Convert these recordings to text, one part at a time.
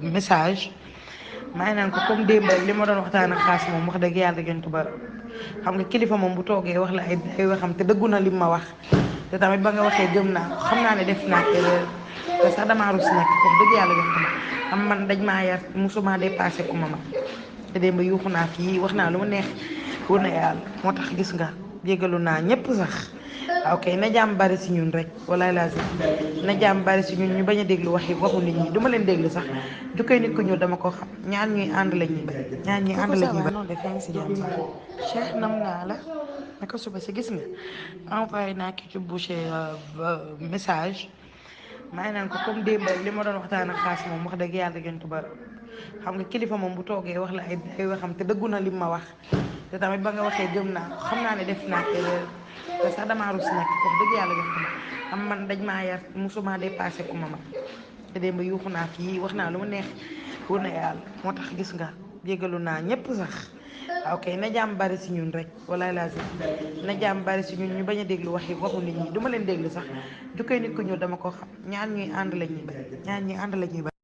message may naan ko comme démb li ma doon waxtaan ak xaas moom wax dëgg yàlla gën tuba xam nga kilifa moom bu toogee wax la ay ay waxam te dëggu na li ma wax te tamit ba nga waxee gëm naa ko xam naa ne def naa erreur te sax damaa rus nag wax dëgg yàlla gën tuba xam man dañ maa yar musuma dépassé uma ma te démb yuuxu naa fii wax naa lu ma neex wër na yàlla moo tax gis nga jégalu naa ñëpp sax Ah, ok na jàmm bari si ñun rek walaay na jàmm bari si ñun ñu bañ a déglu waxi waxu nit ñi duma leen déglu sax jukkee nit ko ñu dama ko xam ñaar ñuy ànd la ñuy bañ ñaar ñuy ànd la ñuy naa naka suba si gis nga envoyé naa ki euh, euh, message may naan ko comme démb rek ma doon waxtaan ak wax dëgg yàlla gën tubar xam nga kilifa moom bu toogee wax la ay ay waxam dëggu na li ma wax te tamit ba nga waxee gëm naa xam naa ne def naa erreur te sax damaa rus nag wax dëgg yàlla jox ko am man dañ maa yar musuma dépassé uma ma yuuxu naa fii wax naa lu ma neex wër na yàlla moo tax gis nga jégalu naa ñëpp sax ah, ok na jàmm bari si ñun rek walaay laa si na jàmm bari si ñun ñu bañ a déglu waxi waxu nit ñi duma leen déglu sax jukkee nit ku ñëw dama ko xam ñaar ñuy ànd la ñuy bañ ñaar ñuy ànd la ñuy bañ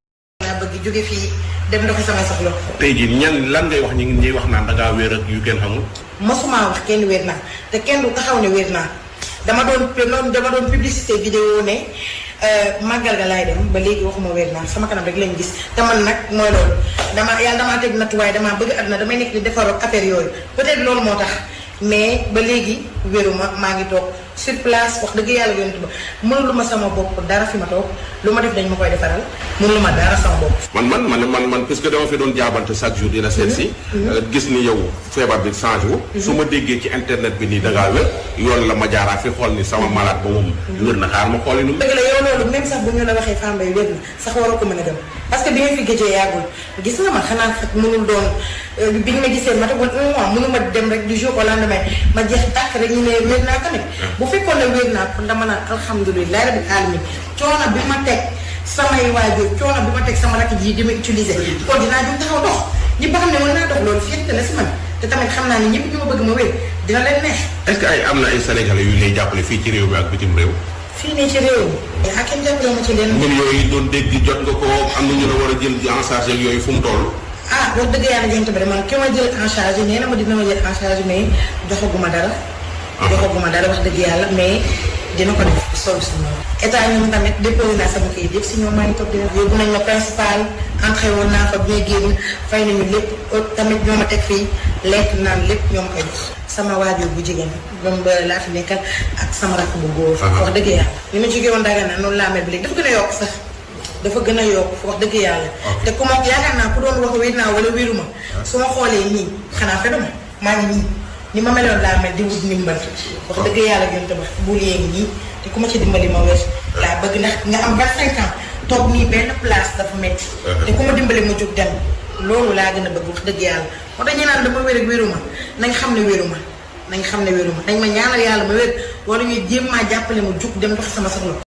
gi jóge fii dem doxi sama soxla. tey jii ñan lan ngay wax ñi ngi ñuy wax naan da ngaa wéer ak yu kenn xamul. masumaa wax kenn wéer naa te kenn du taxaw ne wéer naa dama doon dama doon publicité vidéo ne euh, màggal ga laay dem ba léegi waxuma wéer naa sama kanam rek lañ gis te man nag mooy loolu dama yàlla damaa teg nattuwaay damaa bëgg àdduna damay nekk di defaroo affaire yooyu peut-être loolu moo tax mais ba léegi wéeruma maa ngi toog. sur place wax dëgg yàlla yonent ba mënu lu ma sama bopp dara fi ma toog lu ma def dañ ma koy defaral mënu lu ma dara sama bopp man man man man man puisque dama fi doon jaabante chaque jour di la mhm. euh, gis ni yow feebar bi changé mhm. su ma déggee ci internet bi nii da ngaa wér yoon la ma jaaraat fi xool ni sama malade ba moom mhm. wér na ma xool yi nu dëgg la yow loolu même sax bu ñu la waxee Fambaye wér na sax waroo ko mën a dem parce que bi nga fi gëjee yàggul gis nga man xanaa faj mënul doon euh, bi ñu ma gisee ma un mois ma dem rek du jour au lendemain ma jeex tàkk rek ñu ne wér tamit ah. bu fekkoon ne wér naa kon dama naan alhamdulilah rabbil bi ma teg samay waajur coono bi ma teg sama rakk ji di ma utiliser mm. kon dinaa jum taxaw dox ñi ba xam ne mën naa dox loolu fierté la si man te tamit xam naa ne ñëpp ñu ma bëgg ma wér dina leen neex est ay am na ay sénégalais yu lay jàppale fii ci réew mi ak bitim réew fii nii ci réew mi. Hakim jàppale ma ci leen. mbir yooyu doon dégg jot nga ko am na ñu la war a jël en charge yooyu fu mu toll. ah wax dëgg yàlla jant bi man ki ma jël en charge nee na ma dina ma jël en charge mais joxaguma dara. Ah. joxaguma dara wax dëgg yàlla mais. dina ko def sol suñu état ñoom tamit déposé naa sama kayit yëpp si ñoom maa ngi toog dina yóbbu nañ ma principal entré woon naa fa bi génn fay nañu lépp tamit ñoo ma teg fii lekk naan lépp ñoom koy jox sama waajur bu jigéen moom ba laa fi nekkal ak sama rakk bu góor ah ah. wax dëgg yàlla ni ma jógee woon daga naa noonu laa mel bi léegi dafa gën a yokk sax dafa gën a yokk wax dëgg yàlla te ku ma yaakaar naa ku doon wax wér naa wala wéruma ah. xoolee nii xanaa ni ma meloon laa mel di wut ndimbal wax dëgg yàlla gën te ba buur yee ngi nii te ku ma ci dimbali ma wér laa bëgg ndax nga am 25 ans toog nii benn place dafa métti. Uh-huh. te ku ma dimbali ma jug dem loolu laa gën a bëgg wax dëgg yàlla moo tax ñu naan dama wér ak wéru ma nañ xam ne wéru ma nañ xam ne wéru ma ma ñaanal yàlla ma wér wala ñuy jéem maa jàppale ma jug dem dox sama soxla